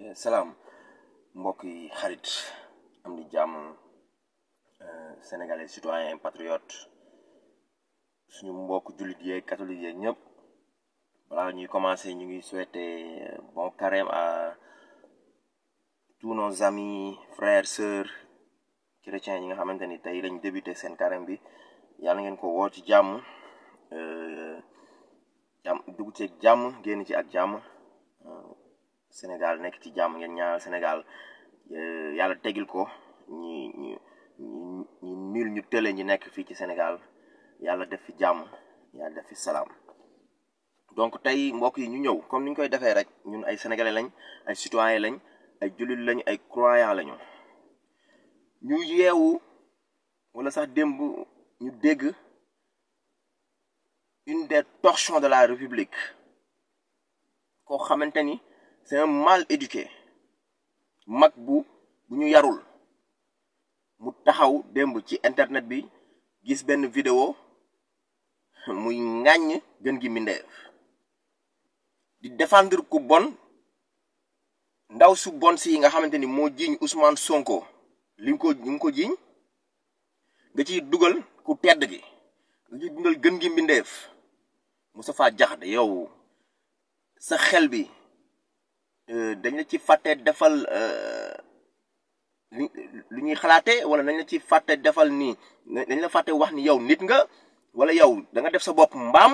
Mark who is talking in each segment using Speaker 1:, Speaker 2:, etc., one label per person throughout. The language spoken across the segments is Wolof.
Speaker 1: Eh, salaam mbokk yi xarit am di jàmm eh, sénégalais citoyen patriote suñu mbokk julit yeeg catholique yeeg ñëpp balaa ñuy commencé ñu ngi souhaiter eh, bon carême a tous nos amis frères sœurs chrétiens yi nga xamante ni tey lañ débuté seen carême bi yàlla ngeen ko woo ci jàmm jàmm dugg ci ak jàmm génn ci ak jàmm Sénégal nekk ci jàmm ngeen ñaanal Sénégal euh, yàlla tegil ko ñi ñi ñi ñu tële ñi nekk fii ci Sénégal yàlla def fi jàmm yàlla def fi salaam. donc tey mbokk yi ñu ñëw comme ni koy defee rek ñun ay sénégalais lañ ay citoyens lañ ay jullit lañu ay croyants lañu ñu yeewu wala sax démb ñu dégg une des torchons de la république koo xamante ni. c'est mal éduqué mag bu bu ñu yarul mu taxaw démb ci internet bi gis benn vidéo muy ŋàññ gën gi mbindeef di défendre ku bon ndaw su bon si nga xamante ni moo jiiñ Ousmane Sonko li ko li nga ko jiiñ nga ciy dugal ku tedd gi nga ciy dugal gën gi mbindeef Moustapha Diakhaté yow sa xel bi Euh, dañ la ci fàtte defal euh, lu ñuy xalaate wala nañ la ci fàtte defal nii dañ la fàtte wax ni yow nit nga wala yow danga def sa bopp mbaam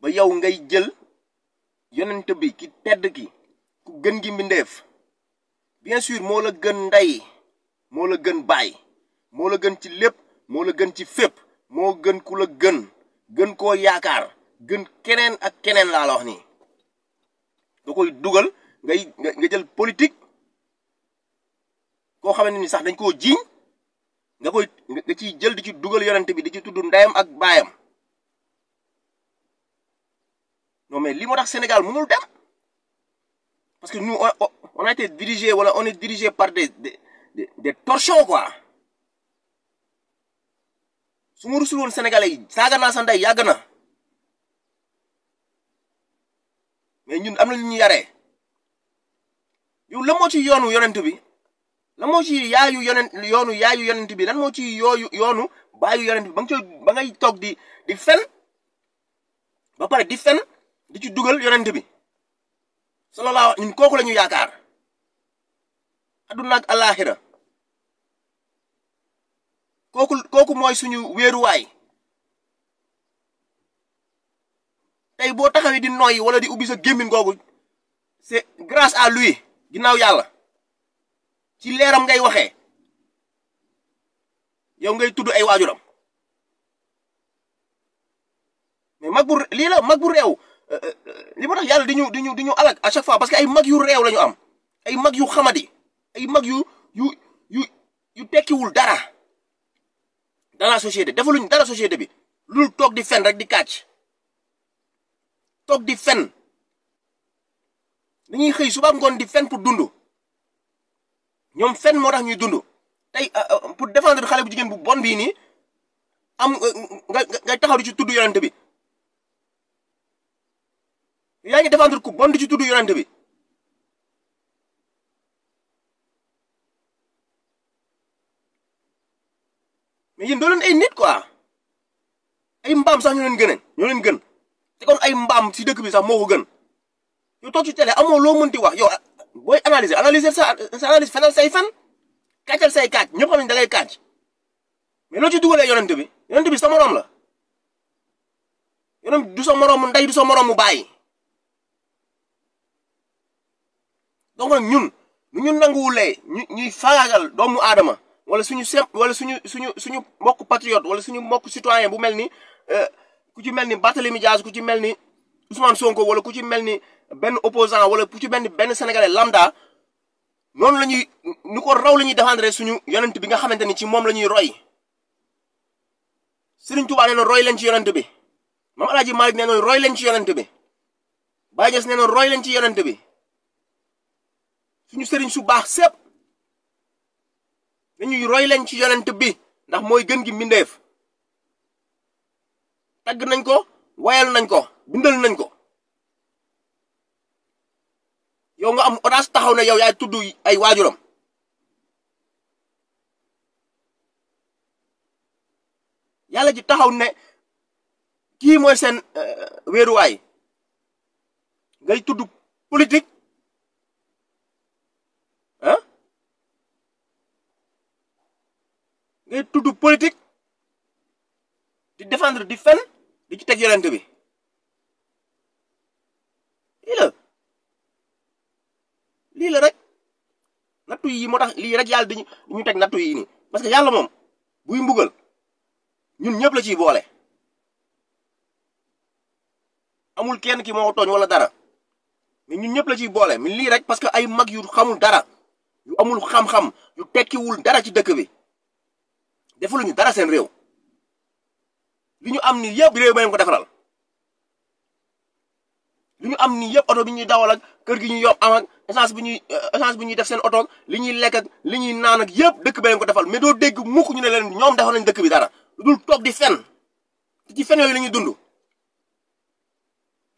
Speaker 1: ba yow ngay jël yonent bi ki tedd ki ku gën gi mbindeef bien sûr moo la gën ndey moo la gën baay moo la gën ci lépp moo la gën ci fépp moo gën ku la gën gën koo yaakaar gën keneen ak keneen laa la wax nii da koy dugal ngay nga jël politique koo xamante ni sax dañ koo jiiñ nga koy nga ciy jël di ci dugal yonent bi di ci tudd ndeyam ak baayam noo mais li moo tax Sénégal mënul dem parce que nous on a dirigé wala on est dirigé par des des des torchons quoi su ma rusul saaga naa sa ndey yàgg na mais ñun am na lu ñuy yaree. yow la moo ci yoonu yonent bi la moo ci yaayu yonent yoonu yaayu yonent bi lan moo ci yooyu yoonu baayu bi ba nga coy ba ngay toog di di fen ba pare di fen di ci dugal yonent bi sallallahu ñun kooku la ñu yaakaar adduna ak alaxira kooku kooku mooy suñu weeru waay tey boo taxawee di noyyi wala di ubbi sa gémmiñ googu c'est grâce à lui ginnaaw yàlla ci leeram ngay waxe yow ngay tudd ay waajuram mais mag bu lii la mag bu réew euh, euh, euh, li ma tax yàlla di ñu di ñu di ñu alak à chaque fois parce que ay mag yu réew la ñu am ay mag yu xamadi ay mag yu yu yu yu tekkiwul dara dans la société defaluñ dara société bi lu toog di fen rek di kàcc toog di fen dañuy xëy suba ngoon di fen pour dund ñoom fen moo ñuy dund tey euh, euh, pour défendre xale bu jigéen bu bon bii nii am euh, nga ngay taxaw di ci tudd yonent bi yaa ngi défendre ku bon di ci tudd yonent bi mais yéen doo leen ay nit quoi ay mbaam sax ñu leen gëne ñoo leen gën te kon ay mbaam si dëkk bi sax moo gën yow toog ci télé amoo loo mënti wax yow ah, booy analyser analyser sa sa analyse fenal say fan kàccal say kàcc ñëpp xam ne da ngay kàcc mais loo ci dugalee yonent bi yonent bi sa morom la yonent du sa morom mu ndey du sa morom mu baayi donc ñun nu ñu nanguwulee ñu ñu faagaagal doomu adama wala suñu sem wala suñu suñu suñu mbokk patriote wala suñu mbokk citoyen bu mel ni euh, ku ci mel ni Barthélemy Dias ku ci mel ni. Ousmane Sonko wala ku ci mel ni benn opposant wala ku ci benn benn sénégalais lambda noonu la ñuy ñu ko raw la ñuy défendre suñu yonent bi nga xamante ni ci moom la ñuy roy Serigne Touba nee na roy leen ci yonent bi Maam El Hadj Malick roy leen ci yonent bi Baye Niass nee na roy leen ci yonent bi suñu Serigne su baax sépp dañuy roy leen ci yonent bi ndax mooy gën gi mbindeef tagg nañ ko wayal nañ ko. bindal nañ ko yow nga am audace taxaw ne yow yaay tudd ay waajuram yàlla ji taxaw ne kii mooy seen euh, wéeruwaay ngay tudd politique ah ngay tudd politique di defendre di fen di ci teg yonent bi lii la rek nattu yi moo tax lii rek yàlla dañu ñu teg nattu yi nii parce que yàlla moom buy mbugal ñun ñëpp la ciy boole amul kenn ki moo wala dara mais ñun ñëpp la ciy boole mais lii rek parce que ay mag yu xamul dara yu amul xam-xam yu tekkiwul dara ci dëkk bi ñu dara seen réew li ñu am ni yëpp réew mi ko defaral li ñu am ni yëpp oto bi ñuy kër gi ñu yokk am essence bi ñuy euh, essence bi def seen otoog li ñuy lekk li ñuy naanak ak yëpp dëkk bee ko defal mais doo dégg mukk ñu ne leen ñoom defal nañ dekk bi dara lu dul toog di fen te ci fen yooyu la ñuy dund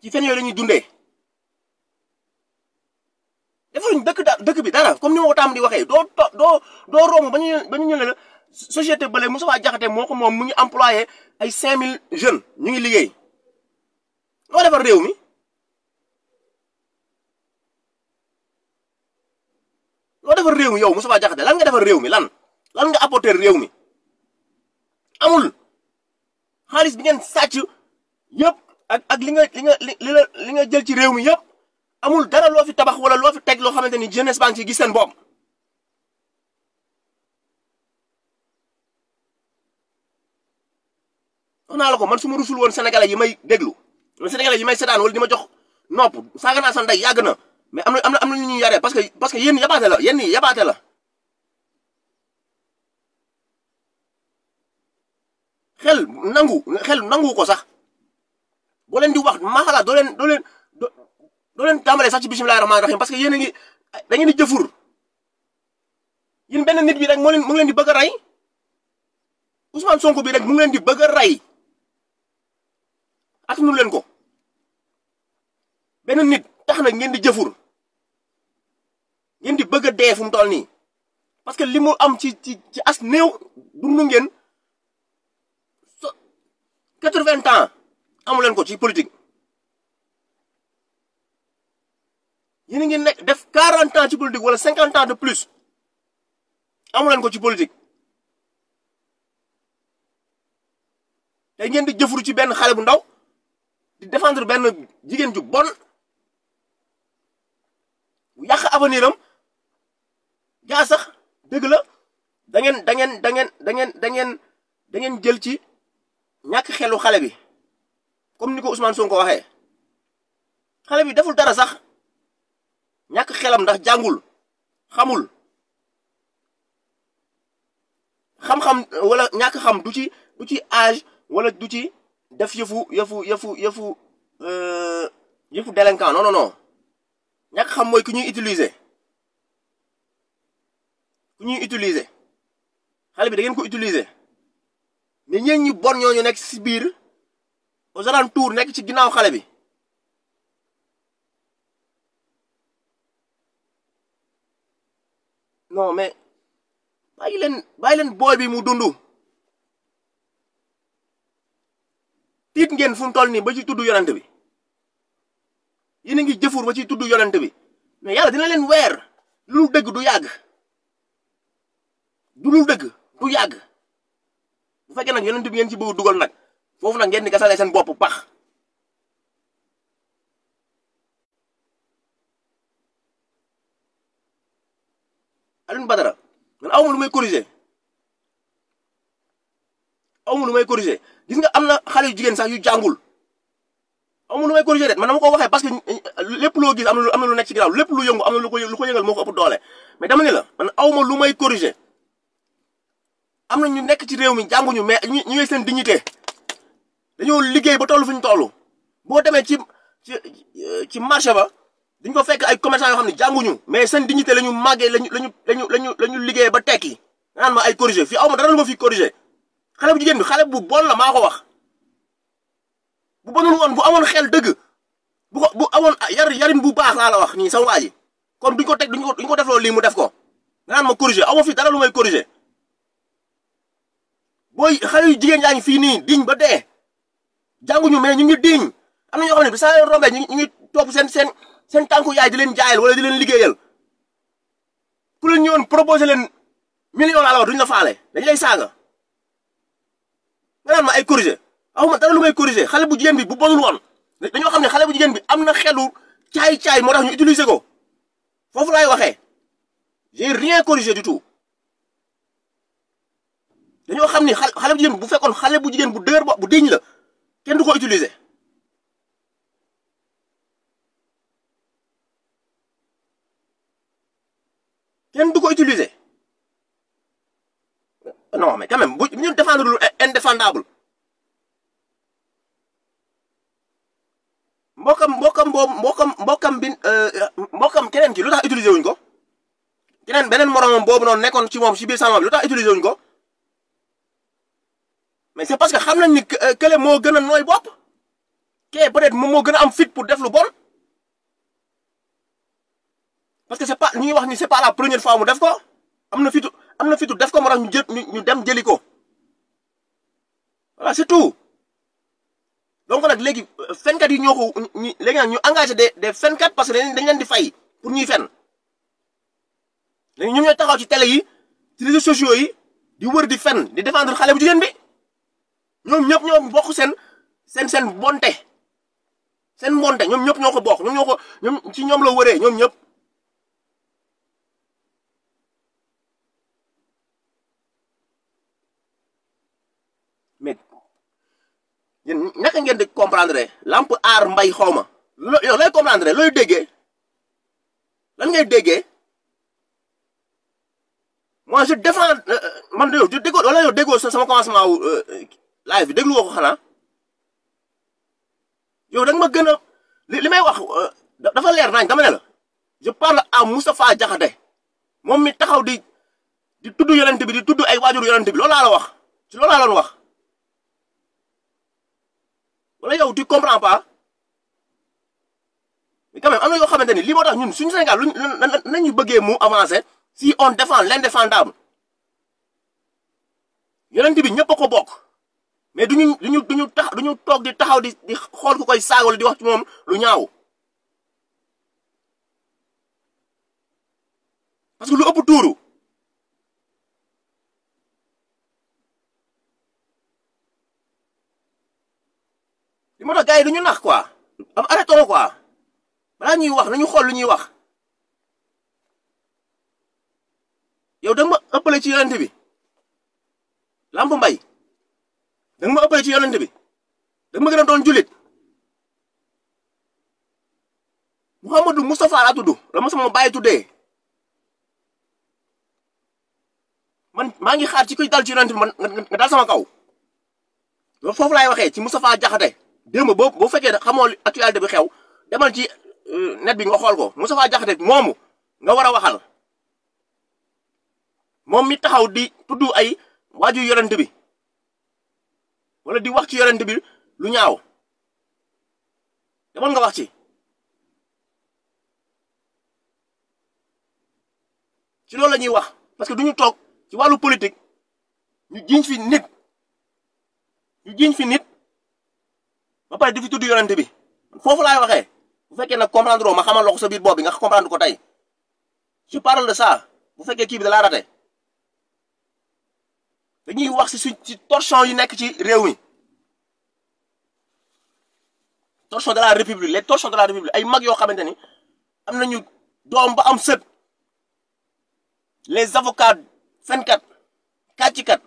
Speaker 1: ji fen yooyu la ñuy dundee defaluñ dëkk da dëkk bi dara comme ni ma di waxee doo doo doo romb ba ñu ba ñu ñu ne la société bële moo ko moom mu ngi employé ay 5000 jeunes ñu ngi liggéey loo defar réew mi. loo defar réew mi yow Moustapha Diakhaté lan nga defar réew mi lan lan nga apoter réew mi amul xaalis bi ngeen sàcc yëpp ak li nga li nga li nga jël ci réew mi yëpp amul dara loo fi tabax wala loo fi teg loo xamante ni jeunesse banque ci gis seen bopp. wax naa la ko man suma rusul woon senegal yi may déglu wala sénégalais yi may setaan wala di ma jox nopp saaga naa sa ndey yàgg na. mais am na am na am na ñu ñuy yaree parce que parce que yéen yabaate la yéen yabaate la xel nangu xel nangu ko sax boo leen di wax maa xalaat doo leen doo leen doo leen tàmbalee sax ci bisimilah rahmaani rahim parce que yéen a ngi da ngeen di jëfur yéen benn nit bi rek moo mu ngi di bëgg ray rey Ousmane Sonko bi rek mu ngi leen di bëgg a rey atanu leen ko benn nit tax na ngeen di jëfur. ngeen di bëgg a dee fu mu toll nii parce que li mu am ci ci ci as néew ngeen so quatre-vingts ans ko ci politique. yéen a ngi nekk def quarante ans ci politique wala cinquante ans de plus amu ko ci politique. tey ngeen di jëfuru ci benn xale bu ndaw di défendre benn jigéen ju bon bu yàq avenir jaa sax dëgg la da ngeen da ngeen da ngeen da ngeen da ngeen da ngeen jël ci ñàkk xelu xale bi comme ni ko Ousmane Sonko waxee xale bi deful dara sax ñàkk xelam ndax jàngul xamul xam-xam wala ñàkk xam du ci du ci âge wala du ci def yëfu yëfu yëfu yëfu euh, yëfu délinquant non non non ñàkk xam mooy ki ñuy utiliser. ñuy utiliser xale bi da ngeen ko utiliser mais ñeen ñi bon ñooñu nekk si biir aux alentours nekk ci ginnaaw xale bi non mais bàyyi leen bàyyi leen booy bi mu dund tiit ngeen fu mu toll nii ba ci tudd yonent bi yéen a ngi jëfur ba ci tudd yonent bi mais yàlla dina leen weer lu dëgg du yàgg du lu dëgg du yàgg bu fekkee nag yonent bi ngeen ci bëgg dugal nag foofu nag ngeen di gasalee seen bopp pax Alioune Badara man awma lu may corriger awma lu may corriger gis nga am na xale yu jigéen sax yu jàngul awma lu may corriger de man dama euh, lépp loo gis am na lu am lu lu ko lu ko yëngal moo ko ëpp doole mais dama ne la man awma lu may corriger am na ñu nekk ci réew mi jànguñu mais ñu ñu seen dignité dañoo liggéey ba toll fu ñu toll boo demee ci ci ci marché ba dañ ko fekk ay commerçant yoo xam ne jànguñu mais seen dignité la ñu màggee la ñu la ñu la ñu la ñu liggéey ba tekki naan ma ay corrigé fii aw ma dara lu ma fi corrigé xale bu jigéen bi xale bu bon la maa ko wax bu bonul woon bu amoon xel dëgg bu ko bu amoon yar yarin bu baax laa la wax nii sama waa ji kon duñ ko teg duñ ko duñ ko defloo lii mu def ko naan ma corrigé aw fi dara lu may corrigé. booy xale yu jigéen yaa ngi fii nii diñ ba dee jànguñu mais ñu ngi diñ am na ñoo xam ne bi saa leen rombee ñu ngi ñu ngi topp seen seen seen yaay di leen jaayal wala di leen liggéeyal ku leen ñëwoon proposé leen million laa duñ faale dañ lay saaga nga naan ma ay corrigé waxuma dara lu may corrigé xale bu jigéen bu bonul woon dañoo xam ne xale bu jigéen bi am na xelu caay-caay moo tax ñu utiliser ko foofu laay waxee j'ai rien corrigé du tout dañoo xam ni xale bu jigéen bu fekkoon xale bu jigéen bu dëgër bu diñ la kenn du ko utiliser. kenn du ko utiliser non mais quand même bu ñu défendre lu indéfendable mbokam mbokam boobu mbokam mbokam bi euh, mbokam kenen ki lu tax utiliser wuñ ko keneen beneen moromam boobu noonu nekkoon ci moom ci biir sànq bi lu tax utiliser wuñ ko. mais c'est parce que xam nañ ni euh, kële moo gën a nooy bopp kee peut-être moom moo gën a am fit pour def lu bon parce que c'est pas ñu ngi wax ni c'est pas la première fois mu def ko am na fitu am na fitu def ko moo tax ñu jël ñu dem jëli ko voilà c'est tout donc nag léegi euh, fenkat yi ñoo ko ñu léegi ñu engagé des des fenkat parce que dañ leen di fay pour ñuy fen léegi ñoom ñooy taxaw ci télé yi ci réseaux sociaux yi di wër di fen di défendre xale bu jigéen bi. ñoom ñëpp ñoo bokk seen seen seen bonte seen bonte ñoom ñëpp ñoo ko bokk ñoom ko ñoom ci ñoom la wëree ñoom ñëpp. mais yéen naka ngeen di comprendre lamp aar mbay xawma ma. yow lay comprendre looy déggee lan ngay déggee moi je défends euh, man de yow déggoo wala yow déggoo sama commencement wu. Euh, live bi déglu woo ko xanaa yow da ma gën a li may wax euh, dafa leer nañ dama ne la je am à Moustapha Diakhaté moom mi taxaw di di tudd yonent bi di tudd ay waajur yonent bi loolu laa la wax ci loolu laa wax wala yow di comprends pas mais quand même am na yoo xamante ni lii moo tax ñun suñu Sénégal luñ bëggee mu avancer si on défend l'indéfendable yonent bi ñëpp a ko bokk. mais duñu duñu duñu tax toog di taxaw di xool ku koy saagol di wax ci moom lu ñaaw parce que lu ëpp tuuru li moo a gars yi duñu nax quoi am arrêtons quoi balaa ñuy wax ñu xool lu ñuy wax yow da ma ëppale ci yonent bi lamb mbay da nga ma ëppale ci yonent bi da nga ma gën a doon julit Mouhamadou Moustapha laa tudd la ma sama tuddee man maa ngi xaar ci kuy dal ci yonent bi nga dal sama kaw loolu foofu laay waxee ci Moustapha Diakhaté démb boo boo fekkee xamoo actualité bi xew demal ci euh, net bi nga xool ko Moustapha Diakhaté moomu nga war a waxal moom mi taxaw di tudd ay waaju yonent bi wala di wax ci yonent bi lu ñaaw demoon nga wax ci ci loolu la ñuy wax parce que du ñu toog ci wàllu politik ñu jiñ fi nit ñu jiñ fi nit ba pare di fi tudd yonent bi foofu laay waxee bu feke na comprendre ma xamal loo ko sa biir bopp bi nga comprendre ko tey je parle de ça bu fekkee kii bi da laa rate dañuy wax si suñ ci torchon yu nekk ci réew mi torchon de la république les torchons de la république ay mag yoo xamante ni am nañu doom ba am sët les avocats fenkat kàccikat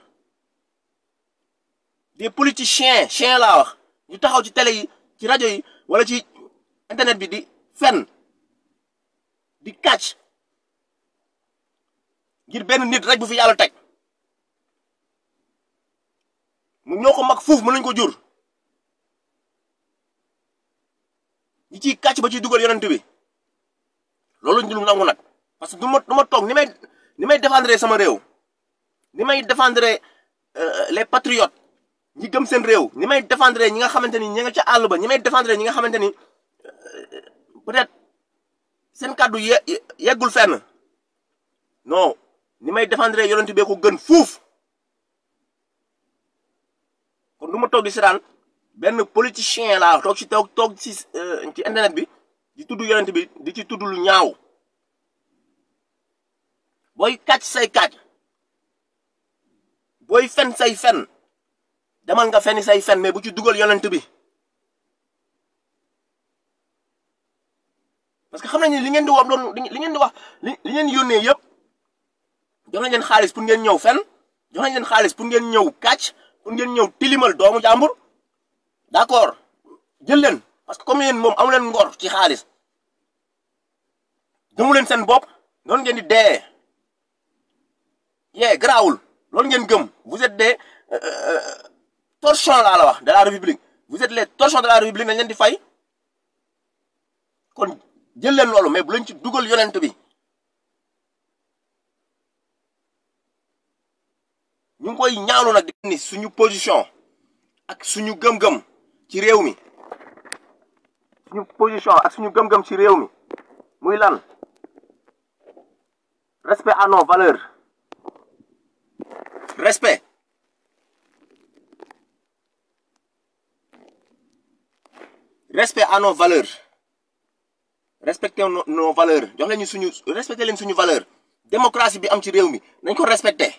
Speaker 1: des politiciens chiens laa wax ñu taxaw ci télé yi ci rajo yi wala ci internet bi di fen di kàcc ngir benn nit rek bu fi yàlla teg mu ñoo ko mag fuuf mën nañu ko jur ñi ci kàcc ba ciy dugal yonent bi loolu ñu dul nangu nag parce que du ma du ma toog ni may ni may défendre sama réew ni may défendre euh, les patriotes ñi gëm seen réew ni may défendre ñi nga xamante ni ñi nga ca àll ba ñi may défendre ñi nga xamante ni euh, peut-être seen kàddu ye yeggul fenn non ni may défendre yonent bee ko gën fuuf. kon du ma toog di seetaan benn politicien la toog si toog toog si euh, ci internet bi di tudd yonent bi di ci tudd lu ñaaw booy kàcc say kàcc booy fen say fen demal nga fenni say fen mais bu ci dugal yonent bi parce que xam na ni li ngeen di wax li ngeen di wax li li ngeen yónnee yëpp jox nañ leen xaalis pour ngeen ñëw fen jox nañ leen xaalis pour ngeen ñëw kàcc pour ngeen ñëw tilimal doomu jàmbur d'accord jël leen parce que comme yéen moom amu leen ngor ci xaalis gëmu leen seen bopp noonu ngeen di dee yee garaawul loolu ngeen gëm vous êtes des euh, euh, euh, torchons laa la wax de la république vous êtes les torchons de la république nañ leen di fay kon jël leen loolu mais bu leen ci dugal yonent bi ñu ngi koy ñaawlu nag suñu position ak suñu gëm-gëm ci réew mi suñu position ak suñu gëm-gëm ci réew mi muy lan respect à nos valeurs respect respect à nos valeurs respecter nos valeurs jox leen ñu suñu respecter leen suñu valeur démocratie bi am ci réew mi nañ ko respecter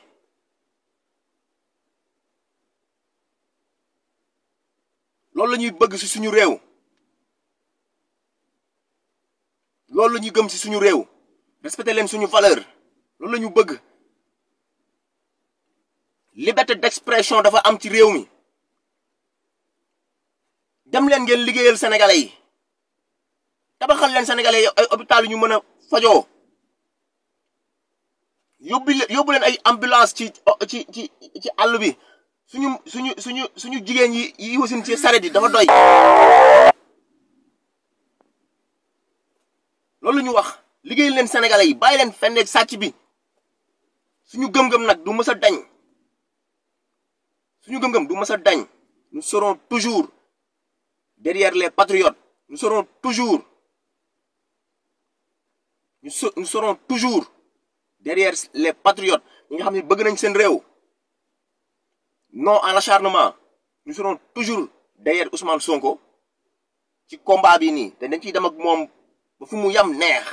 Speaker 1: loolu la ñuy bëgg ci suñu réew loolu la ñuy gëm ci suñu réew respecté leen suñu valeur loolu la ñu bëgg liberté d'expression dafa am ci réew mi dem leen ngeen liggéeyal sénégalais yi tabaxal leen sénégalais yi ay hôpital yu ñu mën a fajoo yóbbu leen ay ambulance ci ci ci ci àll bi suñu suñu suñu suñu jigéen yi yi wasin ci saret yi dafa doy loolu ñu wax liggéey leen sénégalais yi bàyyi leen fenn sàcc bi suñu gëm-gëm nag du mës a dañ suñu gëm-gëm du mës a dañ nous serons toujours derrière les patriotes nous serons toujours nous serons toujours derrière les patriotes ñi nga xam ne bëgg nañ seen réew non à l'acharnement ñu serons toujours derrière Ousmane Sonko ci combat bi nii te dañ ciy dem ak moom ba fu mu yam neex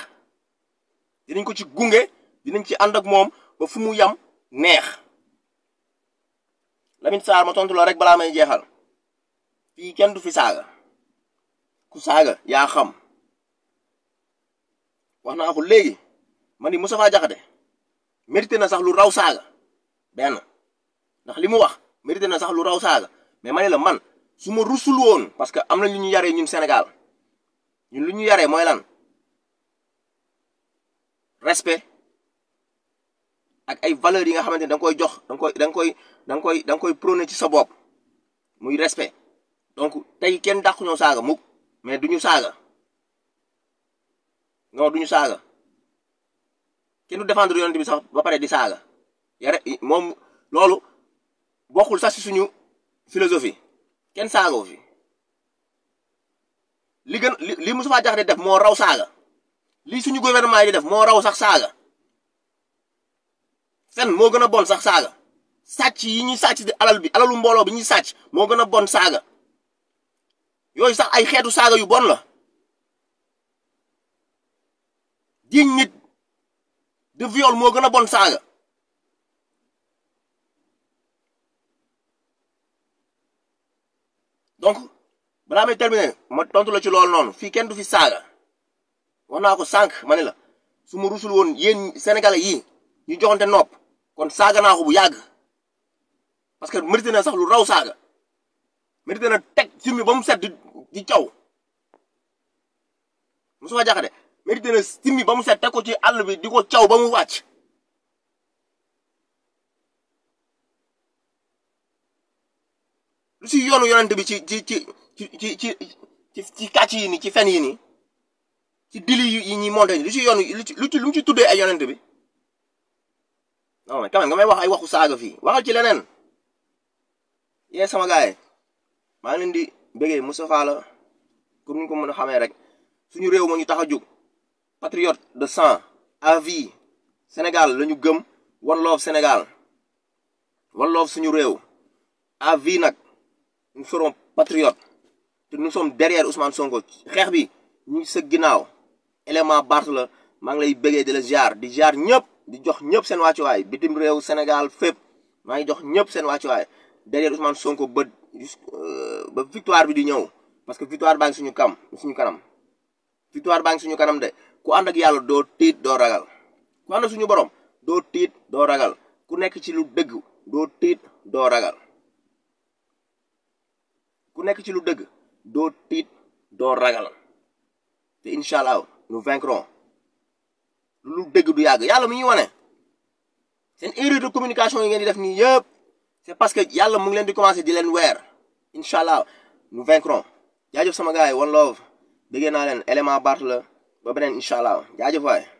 Speaker 1: dinañ ko ci gunge dinañ ci ànd ak moom ba fu mu yam neex Lamine Sarr ma tontu la rek balaa may jeexal fii kenn du fi saaga ku saaga yaa xam wax naa ko léegi ma ni Moustapha Diakhaté mérité na sax lu raw saaga benn ndax li mu wax. mérité na sax lu raw saaga mais ma la man suma ma rusul woon parce que am na lu ñu yaree ñun Sénégal ñun lu ñu yaree mooy lan respe ak ay valeurs yi nga xamante ne koy jox da nga koy da koy da nga koy da koy prôné ci sa bopp muy respe donc tey kenn dàqu ñoo saaga mukk mais ñu saaga non duñu saaga kenn du défendre yonent sax ba pare di saaga yare moom loolu bokkul sax si suñu philosophie kenn saagoo fi li gën li li Moustapha Diakhaté def moo raw saaga lii suñu gouvernement yi di def moo raw sax saaga sen moo gën a bon sax saaga sàcc yi ñuy sàcc di alal bi alalu mbooloo bi ñuy sàcc moo gën a bon saaga yooyu sax ay xeetu saaga yu bon la di nit de viol moo gën a bon saaga donc balaa may terminer ma tontu la ci loolu noonu fii kenn du fi saaga wax naa ko sànq ma ne la su ma rusul woon yéen senegal yi ñu joxante nopp kon saaga naa ko bu yàgg parce que mérité sax lu raw saaga mérité na teg simi ba mu set di di caw Moustapha Diakhaté mérité na simi ba mu set teg ko ci àll di ko caw ba mu wàcc. si yoonu yonent bi ci ci ci ci ci ci ci kàcc yi nii ci fen yi nii ci dili yi ñuy monté lu si yoonu lu ci lu ci tuddee ay yonent bi non mais quand même nga may wax ay waxu saaga fii waxal ci leneen yee sama gars yi maa ngi leen di bëggee Moustapha la comme ni ko mën a xamee rek suñu réew moo ñu tax a jóg patriote de sang à vie Sénégal lañu gëm one love Sénégal one love suñu réew à vie nous serons patriotes te nu sommes derrière Ousmane Sonko xeex bi ñu ngi sa ginnaaw élément Barth la maa ngi lay bëggee di la ziar di ziar ñëpp di jox ñëpp seen wàccuwaay bitim réew Sénégal fépp maa ngi jox ñëpp seen wàccuwaay derrière Ousmane Sonko ba euh, ba victoire bi di ñëw parce que victoire baa ngi suñu kam suñu kanam victoire baa ngi suñu kanam de ku ànd ak yàlla doo tiit doo ragal ku ànd ak suñu borom doo tiit doo ragal ku nekk ci lu dëgg doo tiit doo ragal. ku nekk ci lu dëgg doo tiit doo ragal te incha allah nous vaincrons lu dëgg du yàgg yàlla mu ñuy wane seen erreur de communication yi ngeen di def nii yëpp c'est parce que yàlla mu ngi leen di commencer di leen weer incha allah nous vaincrons jaajëf sama gars yi one love déggee naa leen élément Bart la ba beneen incha allah jaajëf